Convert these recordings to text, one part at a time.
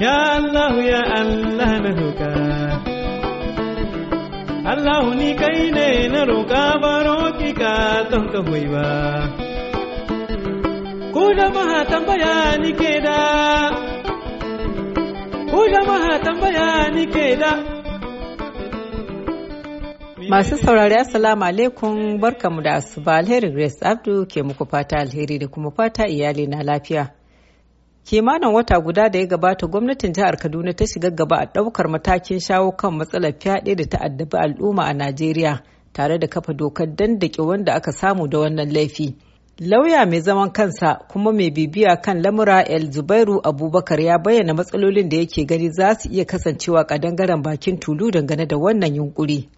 Ya Allah ya Allah na roƙa Allah ni kai ne na roƙa baro ki ka don ka hoyi ba Ku jama'a tambaya ni ke da Ku maha tambaya ni ke da Masu saurari Assalamu alaikum barkamu da asuba alheri Grace Abdu ke muku fata alheri da kuma fata iyali na lafiya kimanin wata guda da ya gabata gwamnatin jihar kaduna ta shiga gaba a ɗaukar matakin shawo kan matsalar fyaɗe da ta'addabi al'umma a najeriya tare da kafa dokar dandake wanda aka samu da wannan laifi lauya mai zaman kansa kuma mai bibiya kan lamura el zubairu abubakar ya bayyana matsalolin da yake gani za su iya kasancewa kadangaren bakin tulu dangane da wannan yunkuri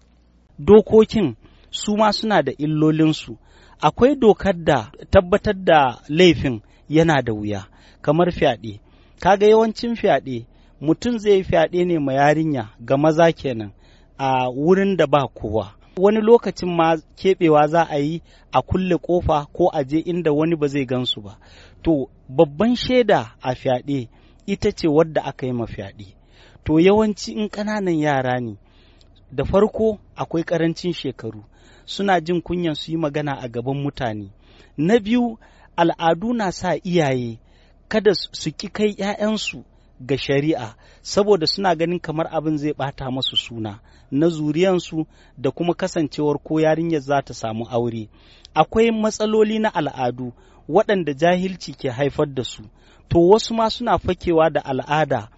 dokokin su ma suna da illolinsu akwai dokar da tabbatar da laifin yana da wuya kamar fyaɗe kaga yawancin fyaɗe mutum zai yi fyaɗe ne ma yarinya ga maza kenan a wurin da ba kowa wani lokacin ma keɓewa za a yi a kulle ƙofa ko a je inda wani ba zai gansu ba to babban shaida a fyaɗe ita ce wadda aka yi ma fyaɗe to yawanci in ƙananan yara ne da farko akwai ƙarancin shekaru suna jin kunyan su yi magana a gaban mutane na biyu al'adu na sa iyaye kada su ki kai 'ya'yansu ga shari'a saboda suna ganin kamar abin zai ɓata masu suna na zuriyansu da kuma kasancewar ko yarinyar za ta samu aure akwai matsaloli na al'adu waɗanda jahilci ke haifar da su to wasu ma suna fakewa da al'ada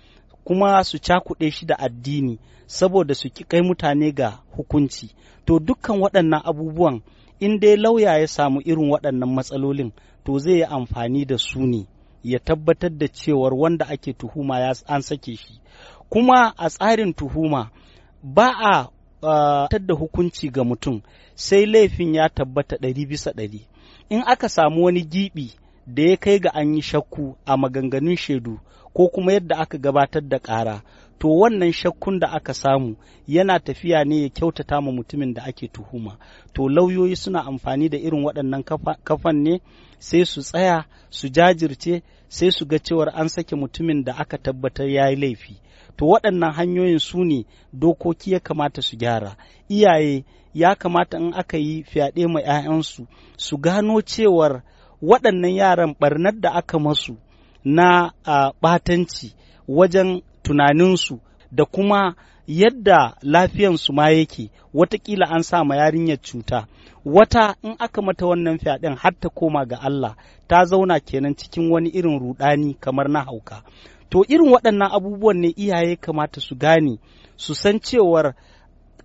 kuma su cakuɗe shi da addini saboda su ki kai mutane ga hukunci to dukkan waɗannan abubuwan in dai lauya ya samu irin waɗannan matsalolin to zai yi amfani da su ne ya tabbatar da cewar wanda ake tuhuma ya an sake shi kuma a tsarin tuhuma ba a tabbatar da hukunci ga mutum sai laifin ya tabbata ɗari bisa ɗari in aka samu wani giɓi da ya kai ga an yi shakku a maganganun shaidu ko kuma yadda aka gabatar da ƙara to wannan shakkun da aka samu yana tafiya ne ya kyautata ma mutumin da ake tuhuma to lauyoyi suna amfani da irin waɗannan kafan ne sai su tsaya su jajirce sai su ga cewar an sake mutumin da aka tabbatar ya yi laifi to waɗannan hanyoyin su ne dokoki ya kamata su gyara iyaye ya kamata in aka yi fyaɗe ma 'ya'yansu su gano cewar waɗannan yaran ɓarnar da aka masu na ɓatanci wajen tunaninsu da kuma yadda lafiyansu ma yake watakila an sa ma yarinyar cuta wata in aka mata wannan fyaɗen har ta koma ga Allah ta zauna kenan cikin wani irin rudani kamar na hauka to irin waɗannan abubuwan ne iyaye kamata su gane su san cewar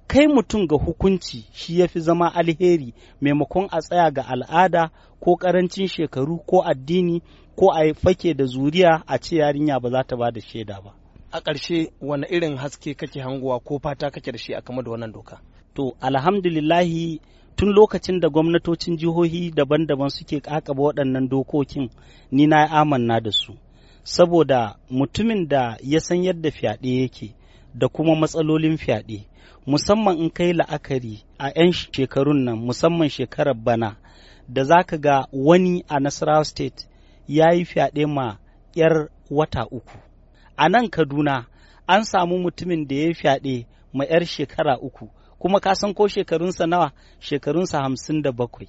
kai mutum ga hukunci shi ya fi zama alheri maimakon a tsaya ga al'ada ko ƙarancin shekaru ko addini ko a fake da zuriya a ce yarinya ba za ta ba da shaida ba a ƙarshe wani irin haske kake hanguwa ko fata kake da shi a kama da wannan doka to alhamdulillahi tun lokacin da gwamnatocin jihohi daban-daban suke kakaba waɗannan dokokin ni na amanna da su saboda mutumin da ya san yadda fyaɗe yake da kuma matsalolin fyaɗe musamman in kai la'akari a 'yan shekarun nan musamman shekarar bana da za ka ga wani a nasarawa state ya yi fyaɗe ma 'yar wata uku a nan kaduna an samu mutumin da ya fyaɗe ma 'yar shekara uku kuma ka san ko shekarunsa nawa shekarunsa hamsin da bakwai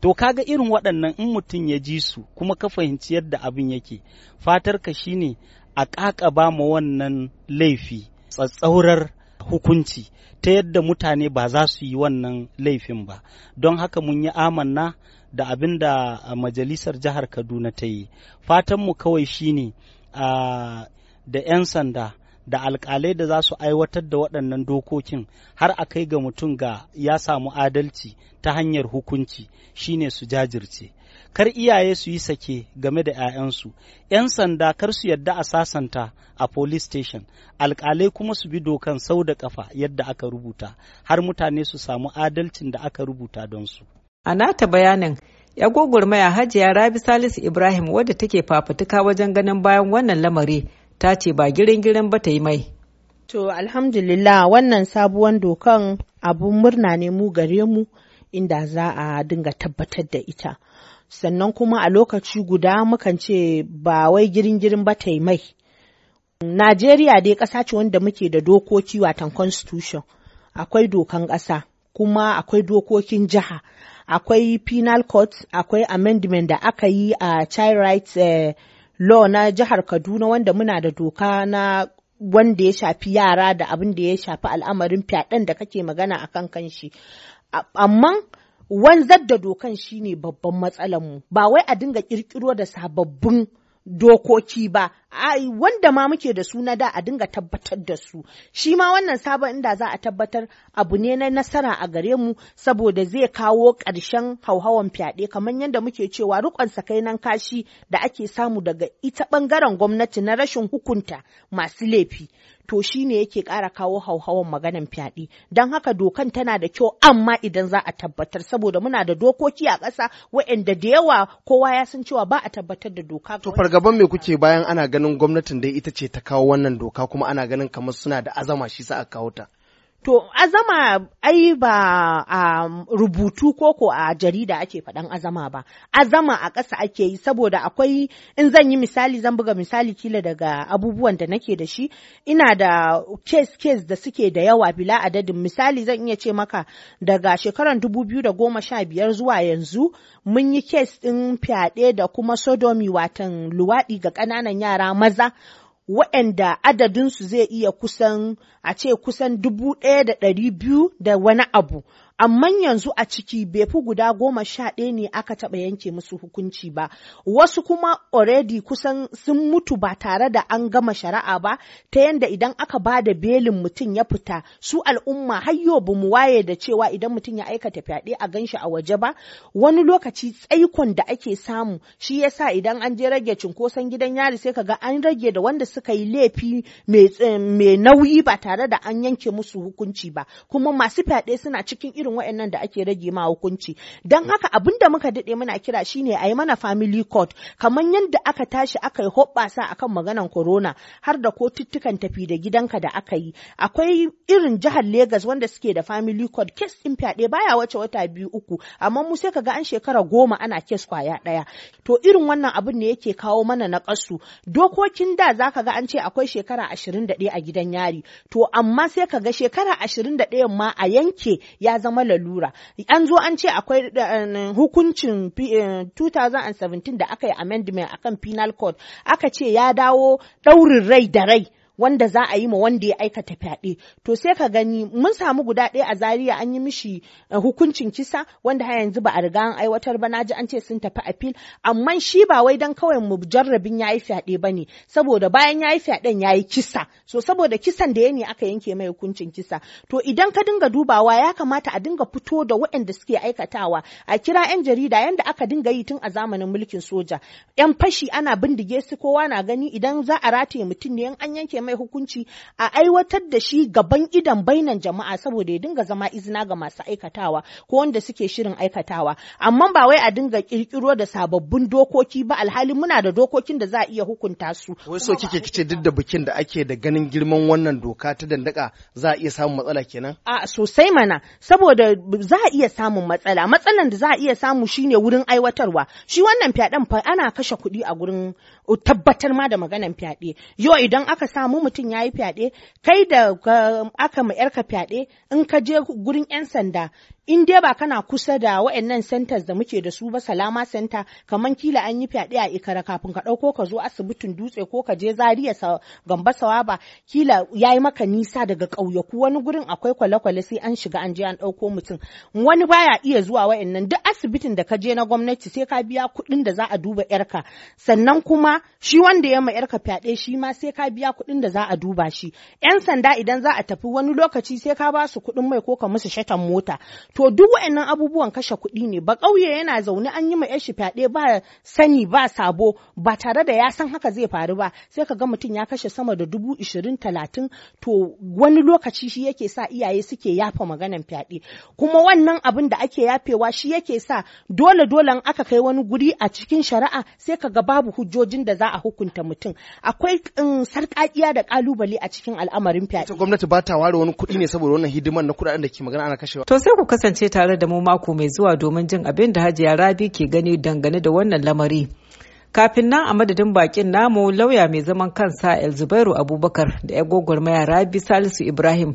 to kaga irin waɗannan in mutum ya ji su kuma ka fahimci yadda abin yake fatarka shine a ƙaƙaba ma wannan laifi tsatsaurar hukunci ta yadda mutane ba za su yi wannan laifin ba don haka mun yi amanna da abin da majalisar jihar kaduna ta yi fatanmu kawai shine a da 'yan sanda da alkalai da za su aiwatar da waɗannan dokokin har a kai ga mutum ga ya samu adalci ta hanyar hukunci shine su jajirce kar iyaye su yi sake game da 'ya'yansu 'yan sanda kar su yadda a sasanta a police station alkalai kuma su bi dokan sau da kafa yadda aka rubuta har mutane su samu adalcin da aka rubuta don su a nata bayanin ya maya hajiya rabi salisu ibrahim wadda take fafutuka wajen ganin bayan wannan lamari ta ce ba giringirin girin ba ta yi mai. To alhamdulillah wannan sabuwan dokan abun murna ne mu gare mu inda za a dinga tabbatar da ita. Sannan kuma a lokaci guda mukan ce ba wai girin girin ba ta yi mai. Najeriya dai ƙasa ce wanda muke da dokoki watan constitution. Akwai dokan ƙasa kuma akwai dokokin jiha. Akwai penal court, akwai amendment da aka yi a child rights eh, law na jihar Kaduna wanda muna da doka na wanda ya shafi yara da abin da ya shafi al'amarin fyaɗen da kake magana a kan kanshi. Amma wanzar da dokan shine babban matsalar mu ba wai a dinga ƙirƙiro da sababbin dokoki ba wanda ma muke da su na da a dinga tabbatar da su shi ma wannan sabon inda za a tabbatar abu ne na nasara a gare mu saboda zai kawo ƙarshen hauhawan fyaɗe kamar yadda muke cewa rikon nan kashi da ake samu daga ita ɓangaren gwamnati na rashin hukunta masu laifi to shi ne yake ƙara kawo hauhawan maganan fyaɗe don haka dokan tana da kyau amma idan za a tabbatar saboda muna da dokoki a ƙasa wa'inda da yawa kowa ya san cewa ba a tabbatar da doka. To fargaban me kuke bayan ana ganin ganin gwamnatin dai ita ce ta kawo wannan doka kuma ana ganin kamar suna da azama shi sa a kawo ta To azama ai ba a um, rubutu koko a jarida ake faɗan azama ba. Azama a ƙasa ake yi saboda akwai in zan yi misali zan buga misali kila daga abubuwan da nake da shi. Ina da case case da suke da yawa bila adadin misali zan iya ce maka daga shekarar dubu da goma sha biyar zuwa yanzu mun yi case ɗin fyaɗe da kuma sodomi watan luwaɗi ga ƙananan yara maza waɗanda adadinsu zai iya kusan a ce kusan dubu ɗaya da ɗari biyu da wani abu amma yanzu a ciki bai fi guda goma sha ɗaya ne aka taɓa yanke musu hukunci ba wasu kuma already kusan sun mutu ba tare da an gama shari'a ba ta yanda idan aka ba da belin mutum ya fita su al'umma hayyo ba mu waye da cewa idan mutum ya aikata fyaɗe a ganshi a waje ba wani lokaci tsaikon da ake samu shi yasa idan an je rage cunkoson gidan yari sai ka ga an rage da wanda suka yi laifi mai eh, nauyi ba tare da an yanke musu hukunci ba kuma masu fyaɗe suna cikin irin waɗannan da ake rage ma hukunci don haka abin da muka daɗe muna kira shine a yi mana family court kamar yadda aka tashi aka yi hoɓɓasa kan maganan corona har da kotuttukan tafi da gidanka da aka yi akwai irin jihar Legas wanda suke da family court kes ɗin fyaɗe baya wace wata biyu uku amma mu sai ga an shekara goma ana kes kwaya ɗaya to irin wannan abin ne yake kawo mana na ƙasu dokokin da za ka ga an ce akwai shekara ashirin da ɗaya a gidan yari to amma sai ka ga shekara ashirin da ɗayan ma a yanke ya zama zama lalura an zo an ce akwai eh, hukuncin 2017 eh, da aka yi amendment akan penal code aka ce ya dawo daurin rai da rai wanda za a yi ma wanda ya aikata fyaɗe to sai ka gani mun samu guda ɗaya a Zariya an yi mishi eh, hukuncin kisa wanda har yanzu ba a riga an aiwatar ba naji an ce sun tafi a fil amma shi ba wai dan kawai mu jarrabin yayi fyaɗe bane saboda bayan yayi fyaɗen yayi kisa so saboda kisan da ya ne aka yanke mai hukuncin kisa to idan ka dinga dubawa ya kamata a dinga fito da waɗanda suke aikatawa a kira 'yan jarida yanda aka dinga yi tun a zamanin mulkin soja 'yan fashi ana bindige su kowa na gani idan za a rataye mutum ne in an yanke mai hukunci a aiwatar da shi gaban idan bainan jama'a saboda ya dinga zama izina ga masu aikatawa ko wanda suke shirin aikatawa amma ba wai a dinga kirkiro da sababbin dokoki ba alhali muna da dokokin da za a iya hukunta su wai so kike kice duk da bikin da ake da ganin girman wannan doka ta dandaka za a iya samun matsala kenan a sosai mana saboda za a iya samun matsala matsalan da za a iya samu shine wurin aiwatarwa shi wannan fyaɗen fa ana kashe kuɗi a gurin uh, tabbatar ma da maganan fyaɗe yau idan aka samu samu mutum ya yi fyaɗe kai da aka ma yarka fyaɗe in ka je gurin 'yan sanda in dai ba kana kusa da wa'annan centers da muke da su ba salama center kamar kila an yi fyaɗe a ikara kafin ka ɗauko ka zo asibitin dutse ko ka je zariya gamba sawa ba kila ya yi maka nisa daga ƙauyaku wani gurin akwai kwale-kwale sai an shiga an je an ɗauko mutum wani baya iya zuwa wa'annan duk asibitin da ka je na gwamnati sai ka biya kuɗin da za a duba yarka sannan kuma shi wanda ya ma yarka fyaɗe shi ma sai ka biya kuɗin da za a duba shi yan sanda idan za a tafi wani lokaci sai ka ba su kuɗin mai ko ka musu shatan mota To duk wa'annan abubuwan kashe kuɗi ne ba ƙauye yana zaune an yi ma yashi fyaɗe ba sani ba sabo ba tare da ya san haka zai faru ba sai ka ga mutum ya kashe sama da dubu ishirin talatin to wani lokaci shi yake sa iyaye suke yafa maganan fyaɗe kuma wannan abin da ake yafewa shi yake sa dole dole aka kai wani guri a cikin shari'a sai ka ga babu hujjojin da za a hukunta mutum akwai um, sarƙaƙiya da ƙalubale a cikin al'amarin fyaɗe. gwamnati ba ta ware wani kuɗi ne saboda wannan hidiman na kuɗaɗen da ke magana ana kashewa. To sai ku kasance tare da mu mako mai zuwa domin jin abin da Hajiya Rabi ke gani dangane da wannan lamari. Kafin nan a madadin bakin namu lauya mai zaman kansa El Zubairu Abubakar da ya gwagwarmaya Rabi Salisu Ibrahim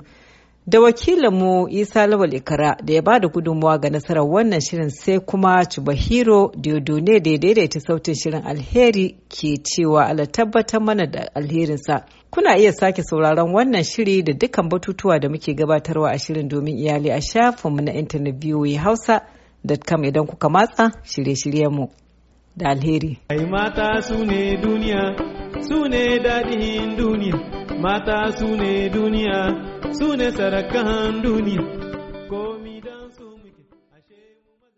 da wakilinmu Isa Lawal Ikara da ya bada gudunmuwa ga nasarar wannan shirin sai kuma Chubahiro Diodone da ya daidaita sautin shirin alheri ke cewa ala tabbatar mana da alherinsa. Kuna iya sake sauraron wannan shiri da dukkan batutuwa da muke gabatarwa a shirin domin iyali a shafinmu na intanet hausa hausa.com idan kuka matsa shirye-shiryenmu da alheri. Ai mata su ne duniya, su ne daɗin duniya, mata su ne duniya, su ne sarakan duniya.